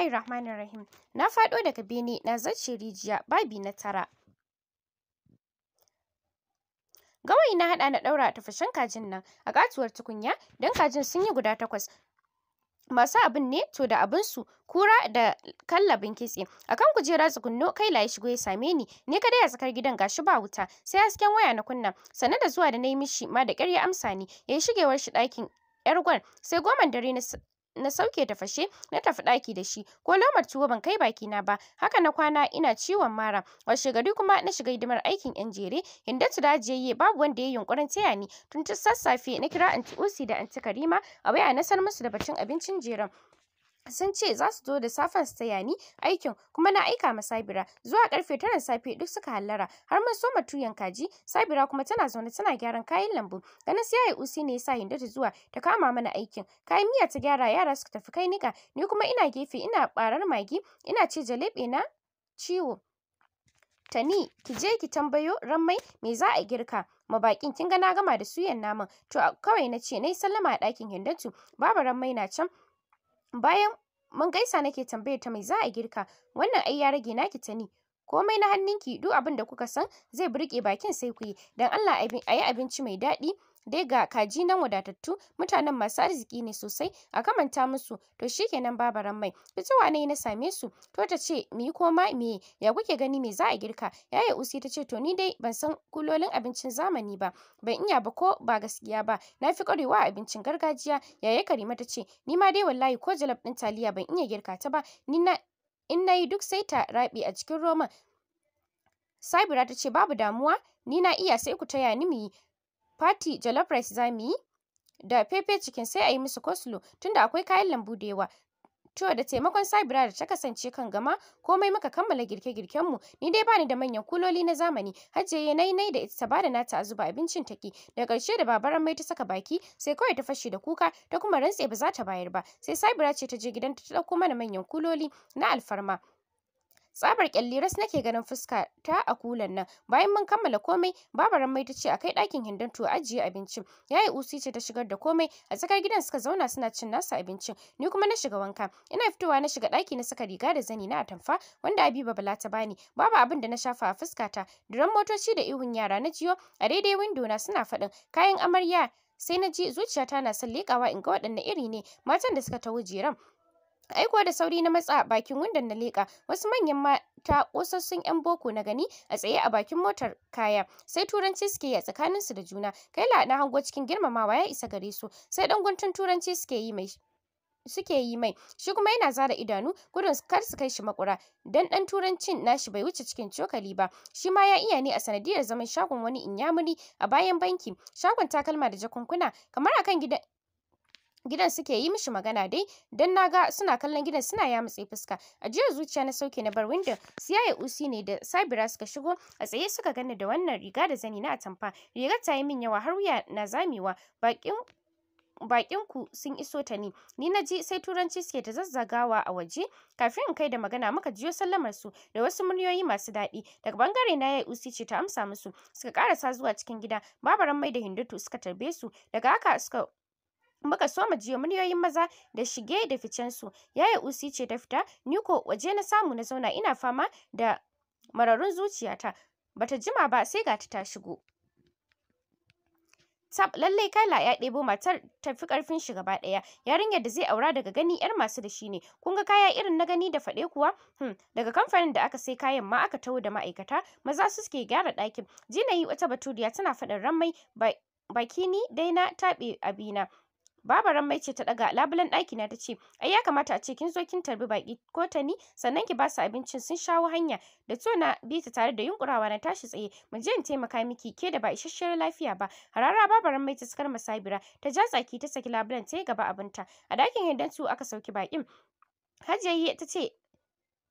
Bismillahir Rahmanir Rahim. Na faɗo daga bene na zace rijiya babi na tara. Gawayi na haɗa na ɗaura tafashen kajin nan a katuwar tukunya don kajin sun yi guda takwas. Masu abin ne to da abin su kura da kallabin kitse akan kujera tsugunno kai layi shigo ya same ni ne kadai a tsakar gidan gashi ba wuta sai hasken waya na kunna sannan da zuwa da na yi mishi ma da ƙyar ya amsa ni ya yi shigewar shi ɗakin yar gwan sai goman dare na na sauke ta fashe na tafi ɗaki da shi ko lamar tuwo ban kai baki na ba haka na kwana ina ciwon mara washe gari kuma na shiga hidimar aikin yan jere hindatu da jiyayye babu wanda ya yunkurin taya ni tun ta sassafe na kira anti usi da anti karima a waya na san musu da batun abincin jeren sun ce za su zo da safen su taya ni aikin kuma na aika ma Sabira zuwa karfe tara safe duk suka hallara har mun soma tuyan kaji Sabira kuma tana zaune tana gyaran kayan lambu ganin sai yayi usi ne yasa Hindatu zuwa ta kama mana aikin kayan miya ta gyara yara suka tafi kai nika ni kuma ina gefe ina barar magi ina ce jalebe na ciwo Tani ki je ki tambayo rammai me za a girka ma bakin kin ga na gama da suyan naman to kawai na ce nayi sallama a dakin Hindatu babu rammai na can bayan mun gaisa nake tambayar ta mai za a girka wannan ai ya rage naki ta ni komai na hannunki duk abin da kuka san zai burge bakin sai ku yi don Allah a yi abinci mai daɗi dai ga kaji nan wadatattu mutanen masu arziki ne sosai a kamanta musu to shikenan babaran mai fitowa ne na same su to ta ce mu yi koma me ya kuke gani me za a girka yaya usi ta ce to ni dai ban san kulolin abincin zamani ba ban iya ba ko ba gaskiya ba na fi ƙwarewa a abincin gargajiya yaya karima ta ce ni ma dai wallahi ko jalab ɗin taliya ban iya girka ta ba ni na in na yi duk sai ta raɓe a cikin roman Sabira ta ce babu damuwa ni na iya sai ku taya ni mu yi Fati jollof rice za mu yi da fefe cikin sai a yi musu coleslaw tunda akwai kayan lambu da yawa. To da taimakon Sabira da ta kasance kan gama komai muka kammala girke girken mu ni dai bani da manyan kuloli na zamani ya nai nai da ita ta bada nata a zuba abincin take da ƙarshe da babaran mai ta saka baki sai kawai ta fashe da kuka ta kuma rantse ba za ta bayar ba sai Sabira ce ta je gidanta ta dauko mana manyan kuloli na alfarma tsabar kyalli ras nake ganin fuska ta a kulan nan bayan mun kammala komai babaran mai tace akai ɗakin hindan tuwo ajiye abincin yayi usi ce ta shigar da komai a tsakar gidan suka zauna suna cin nasa abincin ni kuma na shiga wanka ina fitowa na shiga ɗaki na saka riga da zani na atamfa wanda Habiba Bala ta bani babu abin da na shafa a fuska ta duran motoci da ihun yara na jiyo a daidai windo na suna faɗin kayan amarya sai na ji zuciyata na son leƙawa in ga waɗanne iri ne matan da suka ta jeram aiko da sauri na matsa bakin wundan na leƙa wasu manyan mata ƙosassun 'yan boko na gani a tsaye a bakin motar kaya sai turanci suke yi a tsakaninsu da juna kai la na hango cikin girmamawa ya isa gare su sai ɗan guntun turanci suke yi mai suke yi mai shi kuma yana zara idanu gudun kar su kai shi makura dan dan turancin nashi bai wuce cikin cokali ba shi ma ya iya ne a sanadiyar zaman shagon wani inyamuri a bayan banki shagon takalma da jakunkuna kamar akan gidan gidan suke yi mishi magana dai don na ga suna kallon gidan suna yamutse fuska ajiyar zuciya na sauke na bar window yaye usi ne da sabira suka shigo a tsaye suka gani da wannan riga da zani na atamfa rigar ta yi min yawa har wuya na zamewa bakin bakin ku sun iso ta ni ni na ji sai turanci suke ta zazzagawa a waje kafin in kai da magana muka jiyo sallamar su da wasu muryoyi masu daɗi daga bangare na yayi usi ce ta amsa musu suka karasa zuwa cikin gida babaran mai da hindutu suka tarbe su daga haka suka muka so mu jiyo muryoyin maza da shige da ficensu yaya usi ce ta fita ni ko waje na samu na zauna ina fama da mararun zuciyata bata jima ba sai ga ta shigo tab lallai kala ya ɗebo matar tafi karfin shi gaba ɗaya yarinyar da zai aura daga gani yar masu da shi ne kun ga kaya irin na gani da faɗe kuwa hmm. daga kamfanin da aka sai kayan ma aka taho da ma'aikata maza su suke gyara ɗakin jinayi wata baturiya tana faɗin ran ba baki ni dai na taɓe abina Baba mai ce ta ɗaga labulen ɗakina ta ce, ai ya kamata a ce kin zo kin tarbi baƙi ko ta ni sannan ki ba su abincin sun shawo hanya. Da to na bi ta tare da yunkurawa na tashi tsaye, mu je in taimaka miki ke da ba isasshiyar lafiya ba. Harara Baba mai ta sakar masabira, ta ja tsaki ta saki labulen ta yi gaba abinta. A ɗakin Hindatu aka sauki bakin Hajiya ta ce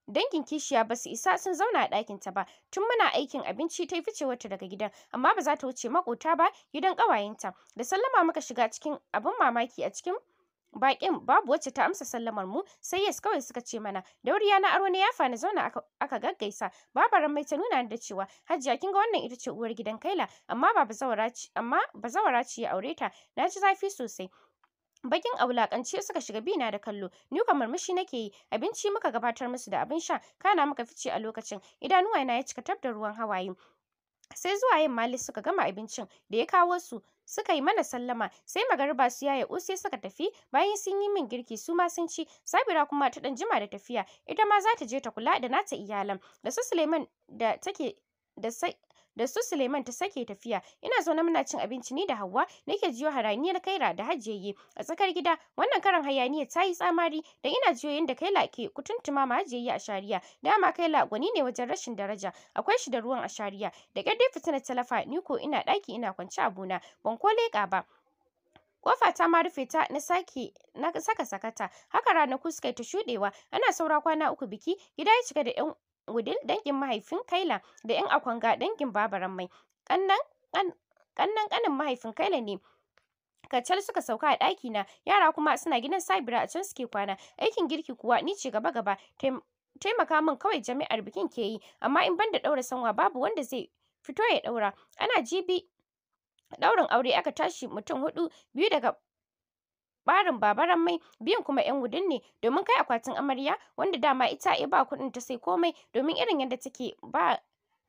Dangin kishiya ba su isa sun zauna a ɗakin ta ba. Tun muna aikin abinci ta yi ficewarta daga gidan, amma ba za ta wuce makota ba gidan ƙawayenta. Da sallama muka shiga cikin abin mamaki a cikin baƙin babu wacce ta amsa sallamar mu sai yes kawai suka ce mana dauriya na aro na yafa na zauna aka, aka gaggaisa babaran mai ta nuna da cewa hajiya kin ga wannan ita ce uwar gidan kaila amma ba zawara ci amma ce ya aure ta na ji zafi sosai bakin a wulakance suka shiga bina da kallo ni kamar murmushi nake yi abinci muka gabatar musu da abin sha kana muka fice a lokacin idanuwana yana ya cika tab da ruwan hawaye sai zuwa yin mali suka gama abincin da ya kawo su suka yi mana sallama sai magariba su yaya sai suka tafi bayan sun yi min girki su ma sun ci sabira kuma ta ɗan jima da tafiya ita ma za ta je ta kula da nata iyalan da su suleiman da take da sai da su Suleiman ta sake tafiya ina zaune muna cin abinci ni da Hauwa nake jiyo haraniyar Kaira da Hajiyayye a tsakar gida wannan karan hayaniya ta yi tsamari da ina jiyo yadda Kaila ke kutuntuma ma Hajiyayye a shariya dama Kaila gwani ne wajen rashin daraja akwai shi da ruwan a shariya da ƙyar dai fitina talafa ni ko ina ɗaki ina kwance a buna ban ko leƙa ba kofa ta ma rufe ta na sake na saka sakata haka ranaku suka ta shuɗewa ana saura kwana uku biki gida ya cika da yan wudil dangin mahaifin kaila da yan akwanga dangin babaran mai kannan kanin mahaifin kaila ne kacal suka sauka a ɗaki na yara kuma suna gidan sabira a can suke kwana aikin girki kuwa ni ce gaba gaba taimaka min kawai jami'ar bikin ke yi amma in ban da ɗaura sanwa babu wanda zai fito ya ɗaura ana jibi ɗaurin aure aka tashi mutum huɗu biyu daga barin babaran mai biyan kuma yan gudun ne domin kai akwatin amarya wanda dama ita ya ba kuɗin ta sai komai domin irin yadda take ba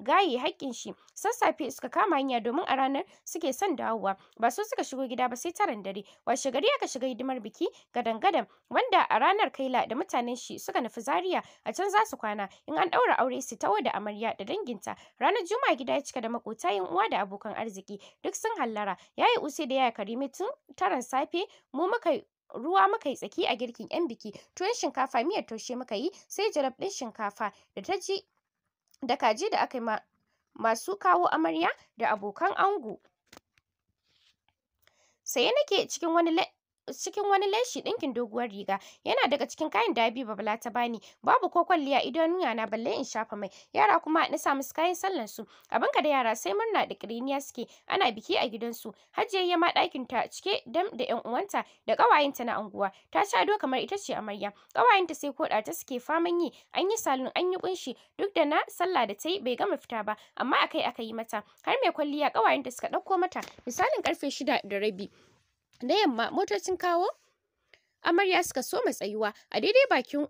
gaye haƙƙin shi sassafe suka kama hanya domin a ranar suke son dawowa ba su suka shigo gida ba sai taran dare washe gari aka shiga hidimar biki gadan-gadan wanda a ranar kaila da mutanen shi suka nufi zaria a can za su kwana in an ɗaura aure su tawo da amarya da danginta ranar juma'a gida ya cika da makota yin uwa da abokan arziki duk sun hallara yayi use da yaya karimi tun taran safe mu muka ruwa muka yi tsaki a girkin yan biki tuwon shinkafa miyar taushe muka yi sai jarab ɗin shinkafa da ta ji da kaji da aka yi ma masu kawo amarya da abokan ango. Saye nake cikin wani cikin wani leshi ɗinkin doguwar riga yana daga cikin kayan da Habiba Bala ta bani babu ko kwalliya idanuya na balle in shafa mai yara kuma na samu musu kayan sallan su Abin ka da yara sai murna da kiriniya suke ana biki a gidansu Hajiya ma ɗakin ta cike dam da ƴan uwanta da ƙawayenta na anguwa ta ci ado kamar ita ce amarya ƙawayenta sai koɗa ta suke faman yi an yi salon an yi kunshi duk da na sallah da ta yi bai gama fita ba amma akai aka yi mata har mai kwalliya ƙawayenta suka ɗauko mata misalin karfe shida da rabi da yamma motocin kawo amarya suka so tsayuwa a daidai bakin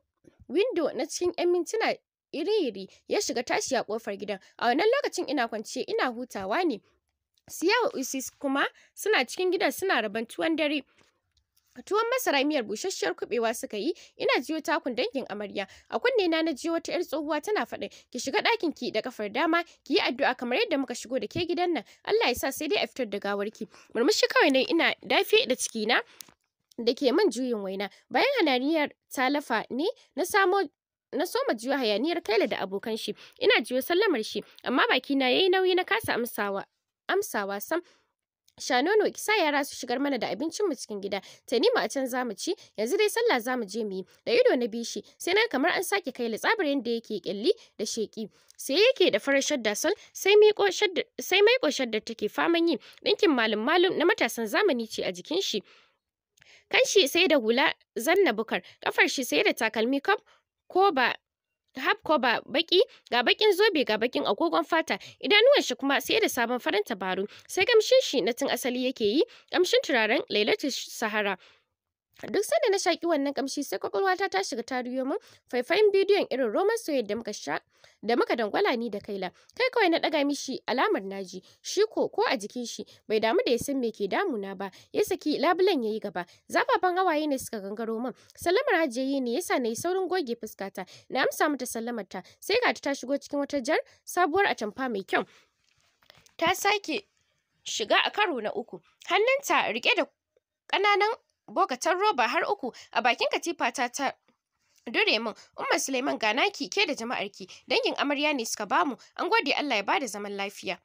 windo na cikin 'yan mintuna iri-iri ya shiga tashi a kofar gidan a wannan lokacin ina kwance ina hutawa ne siyawa isis kuma suna cikin gidan suna rabon tuwon dare tuwon masara miyar busasshiyar kubewa suka yi ina jiyo takun dangin amarya a kunne na na jiyo wata yar tsohuwa tana faɗa ki shiga ɗakin ki da kafar dama ki yi addu'a kamar yadda muka shigo da ke gidan nan Allah ya sa sai dai a fitar da ki murmushi kawai ne ina dafe da ciki na da ke man juyin waina bayan hananiyar talafa ne na samo na soma jiyo hayaniyar kaila da abokan shi ina jiyo sallamar shi amma baki na yayi nauyi na kasa amsawa amsawa sam sha nono ki sa yara su shigar mana da abincin mu cikin gida ma a can zamu ci yanzu dai sallah zamu je mu yi da ido na bishi sai na kamar an sake kai litsabar yanda yake kyalli da sheki sai yake da farar shadda sal sai miƙo shadda sai shadda take faman yi ɗinkin malum malum na matasan zamani ce a jikin shi kan shi sai da hula zanna bukar kafar shi sai da takalmi kaf ko ba ba baki ga bakin zobe ga bakin agogon fata idanuwan shi kuma sai da sabon farin tabaru sai gamshin shi na tun asali yake yi gamshin turaren lailatul sahara duk sanda na shaki wannan kamshi sai kwakwalwata ta shiga ta riyo min faifayin bidiyon irin roman soyayya da muka sha da muka dangwala ni da kaila kai kawai na ɗaga mishi alamar naji shi ko ko a jikin shi bai damu da ya san me ke damu na ba ya saki labulen yayi gaba zafafan hawaye ne suka gangaro min sallamar hajiyayi ne yasa nayi saurin goge fuskata na amsa mata sallamar ta sai ga ta shigo cikin wata jar sabuwar atamfa mai kyau ta sake shiga a karo na uku hannunta rike da ƙananan bokatar roba har uku a bakin katifa ta ta dure min umma suleiman ga naki ke da jama'ar ki dangin amarya ne suka bamu an gode allah ya bada zaman lafiya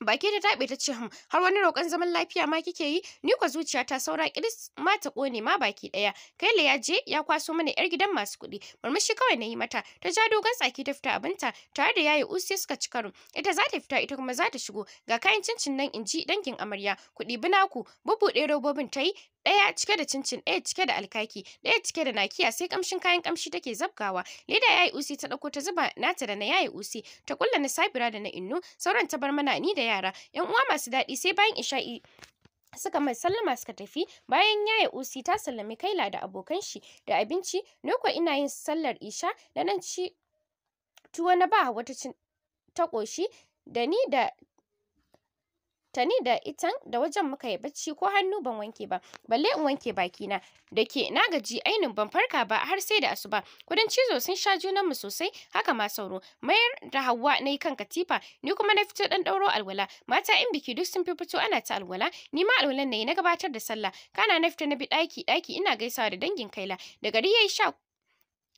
baki da taɓe ta ce har wani roƙon zaman lafiya ma kike yi ni kwa zuciya ta saura kiris ma ta ƙone ma baki ɗaya le ya je ya kwaso mana yar gidan masu kuɗi murmushi kawai na yi mata ta ja dogon tsaki ta fita abinta tare da yayi usi suka ci karo ita za ta fita ita kuma za ta shigo ga kayan cincin nan in ji dangin amarya kuɗi ku bubbuɗe robobin ta yi ɗaya cike da cincin ɗaya cike da alkaki ɗaya cike da nakiya sai kamshin kayan kamshi take zabgawa leda ya yi usi ta ɗauko ta zuba nata da na yayi usi ta kulla na sabira da na innu sauran ta bar mana ni da yara yan uwa masu daɗi sai bayan isha'i suka mai sallama suka tafi bayan yaya usi ta sallami kaila da abokan shi da abinci noko ina yin sallar isha da nan ci tuwo na ba wata ta ƙoshi da ni da ni da itan da wajen muka yi bacci ko hannu ban wanke ba balle in wanke bakina da ke na gaji ainin ban farka ba har sai da asuba kudin cizo sun sha junan mu sosai haka ma sauro mayar da hawa na yi kan katifa ni kuma na fito dan dauro alwala mata in biki duk sun fi fito ana ta alwala ni ma alwalan na yi na gabatar da sallah kana na fita na bi daki daki ina gaisawa da dangin kaila da gari yayi sha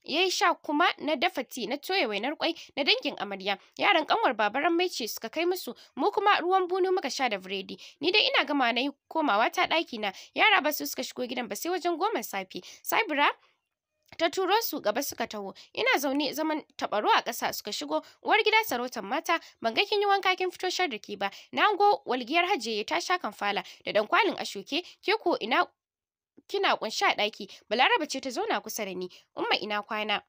yayi sha kuma na dafa ti na toya wainar kwai na dangin amarya yaran kanwar babaran mai ce suka kai musu mu kuma ruwan bunu muka sha da biredi ni dai ina gama na yi komawa ta ɗaki na yara ba su suka shigo gidan ba sai wajen goma safe sabira ta turo su gaba suka taho ina zaune zaman tabaro a ƙasa suka shigo uwar gida sarautar mata ban ga kin yi wanka kin fito shar da ke ba na ango walgiyar hajiye ta sha fala da dan kwalin ashoke ke ko ina kina kunshi a ɗaki balaraba ce ta zauna kusa da ni umma ina kwana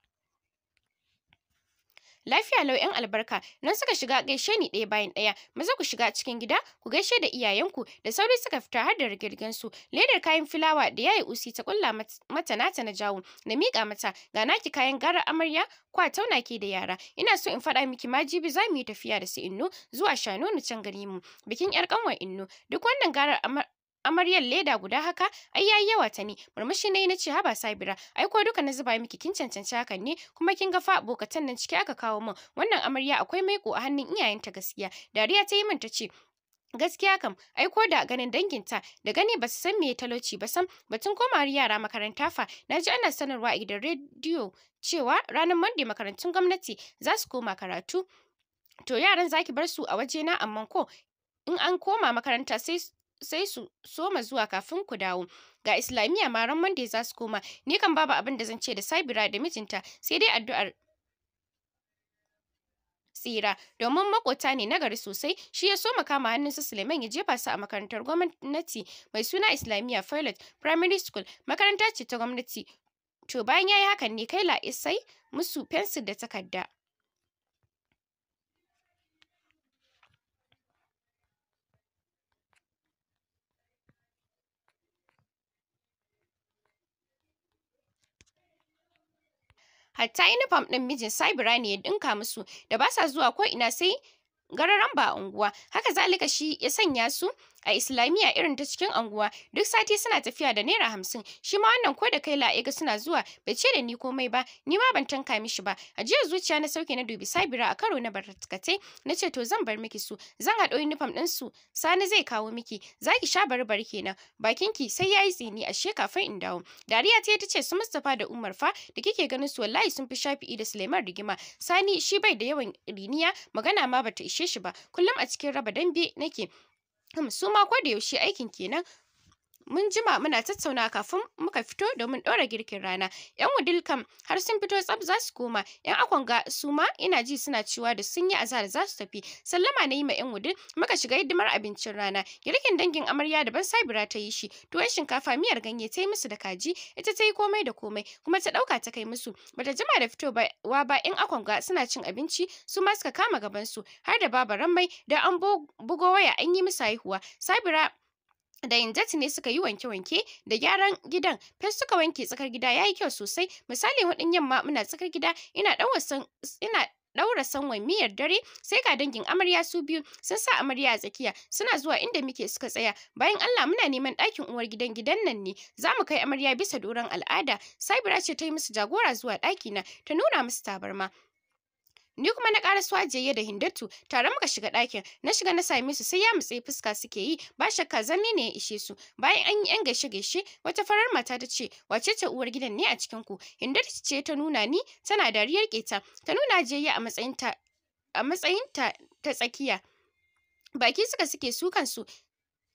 lafiya lau yan albarka nan suka shiga gaishe ni ɗaya bayan ɗaya maza ku shiga cikin gida ku gaishe da iyayenku da sauri suka fita har da rigirgansu ledar kayan filawa da yayi usi ta kulla mata nata na jawo na miƙa mata ga naki kayan gara amarya kwa tauna ke da yara ina so in faɗa miki ma jibi za mu yi tafiya da su inno zuwa shanu na can gari bikin yar ƙanwar inno duk wannan garar amaryar leda guda haka ai yayi yawa ta ne murmushi na nace haba sabira ai ko duka na zuba miki kin cancanci hakan ne kuma kin ga fa abokatan nan ciki aka kawo min wannan amarya akwai mai ko a hannun iyayenta gaskiya dariya ta yi min ta ce gaskiya kam ai ko da ganin danginta da gani basu san me talauci ba san batun komawar yara makaranta fa na ji ana sanarwa a gidan rediyo cewa ranar monday makarantun gwamnati za su koma karatu to yaran zaki bar su a waje na amma ko in an koma makaranta sai sai su soma zuwa kafin ku dawo ga islamiyya ma ran monday za su koma ni kan babu abin da zan ce da sabira da mijinta sai dai addu'ar tsira domin makota ne na gari sosai shi ya soma kama hannun hannunsa Suleiman ya jefa su a makarantar gwamnati mai suna Islamiyya Pilot Primary School makaranta ce ta gwamnati to bayan ya yi hakan ne kai la musu fensir da takarda hatta nufam ɗin mijin Sabira ne ya ɗinka musu da ba sa zuwa ko ina sai gararan ba unguwa haka zalika shi ya sanya su a islamiyya irin ta cikin anguwa duk sati suna tafiya da naira hamsin shi ma wannan ko da kai la'ega suna zuwa bai ce da ni komai ba ni ma ban tanka mishi ba a jiya zuciya na sauke na dubi sabira a karo na barkatai na ce to zan bar miki su zan haɗo uniform ɗin su sani zai kawo miki zaki sha barbar kenan bakin ki sai yayi tsini ashe kafin in dawo dariya ta ta ce su Mustapha da Umar fa da kike ganin su wallahi sun fi Shafi'i da Suleiman rigima sani shi bai da yawan riniya magana ma bata ishe shi ba kullum a cikin raba dambe nake su ma ko da yaushe aikin kenan mun jima muna tattauna kafin muka fito domin ɗora girkin rana yan wudil kam har sun fito tsab za su koma yan akwanga su ma ina ji suna cewa da sun yi azara za su tafi sallama na yi ma yan wudil muka shiga hidimar abincin rana girkin dangin amarya daban sabira ta yi shi tuwon shinkafa miyar ganye ta yi musu da kaji ita ta yi komai da komai kuma ta ɗauka ta kai musu bata jima da fitowa ba yan akwanga suna cin abinci su ma suka kama gaban su har da baba rammai da an bugo waya an yi musu haihuwa sabira da Injat ne suka yi wanke-wanke da gyaran gidan. Fes suka wanke tsakar gida ya yi kyau sosai. Misali hudun yamma muna tsakar gida ina dan wasan ina daura sanwan miyar dare sai ga dangin amarya su biyu sun sa amarya a tsakiya suna zuwa inda muke suka tsaya bayan Allah muna neman ɗakin uwar gidan gidan nan ne za mu kai amarya bisa doron al'ada Sabira ce ta yi musu jagora zuwa ɗaki na ta nuna musu tabarma ni kuma na ƙara su ajiye da hindatu tare muka shiga ɗakin na shiga na same su sai ya mutse fuska suke yi ba shakka zami ne ya ishe su bayan an yi yan gaishe gaishe wata farar mata ta ce wace ce uwar gidan ne a cikin ku hindatu ce ta nuna ni tana dariyar keta ta nuna ajiyayye a matsayin ta ta tsakiya baki suka suke su kansu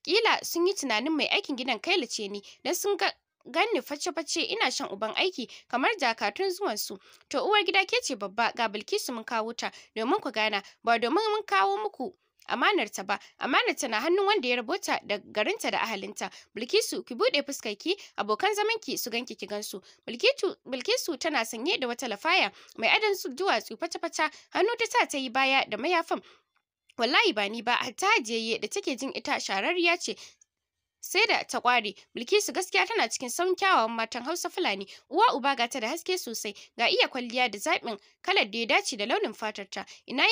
kila sun yi tunanin mai aikin gidan kaila ce ni dan sun ga ganni face-face ina shan uban aiki kamar jakatun zuwan su to uwar gida ke ce babba ga Bilkisu mun kawo ta domin ku gana ba domin mun kawo muku amanar ta ba amanar ta na hannun wanda ya rabota da garinta da ahalinta bilkisu ki bude fuskar ki abokan zaman ki su ganki ki gansu bilkisu bilkisu tana sanye da wata lafaya mai adan su duwatsu fata-fata hannu ta ta yi baya da mayafin wallahi ba ni ba hatta jeye da take jin ita shararriya ce sai da ta kware bilkisu gaskiya tana cikin saun kyawawan matan hausa fulani uwa uba ga ta da haske sosai ga iya kwalliya da zaɓin kalar da ya dace da launin fatarta ina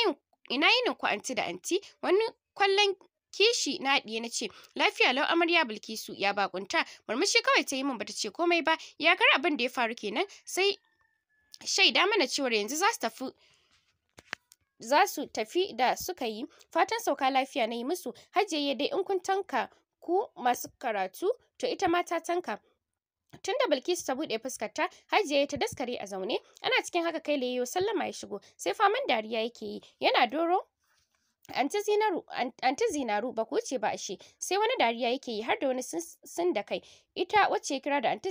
yin ku anti da anti wani kwallon kishi na ɗiye na ce lafiya lau amarya bilkisu ya bakunta murmushi kawai ta yi min bata ce komai ba ya kar abin da ya faru kenan sai shaida mana cewar yanzu za su tafi za su tafi da suka yi fatan sauka lafiya na yi musu hajiya dai in kun tanka ku masu karatu to ita ma ta tanka tun da bilkisu ta buɗe fuskarta hajiya ta daskare a zaune ana cikin haka kai layo sallama ya shigo sai faman dariya yake yi yana doro Anti Zinaru ba ku ce ba ashe sai wani dariya yake yi har da wani sun da kai ita wacce ya kira da Anti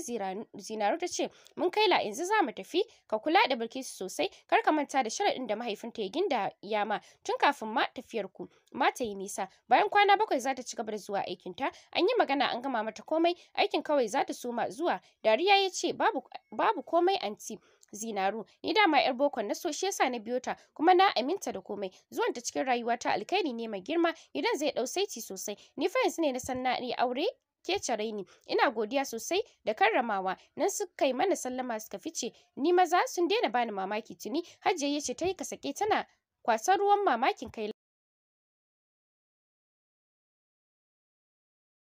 Zinaru ta ce mun kai la yanzu za mu tafi ka kula da Bilkisu sosai kar ka manta da sharaɗin da mahaifinta ya ginda ya ma tun kafin ma tafiyar ku ma ta yi nisa bayan kwana bakwai za ta ci gaba da zuwa aikin ta an yi magana an gama mata komai aikin kawai za ta soma zuwa dariya ya ce babu komai anti zinaru ni dama yar bokon na so shi yasa na biyo ta kuma na aminta da komai zuwan ta cikin rayuwa ta alkairi ne mai girma idan zai dau saiti sosai ni fa yanzu ne na san na aure ke cire ni ina godiya sosai da karramawa nan suka yi mana sallama suka fice ni maza sun daina bani mamaki tuni hajiya ce ta ka sake tana kwasar ruwan mamakin kai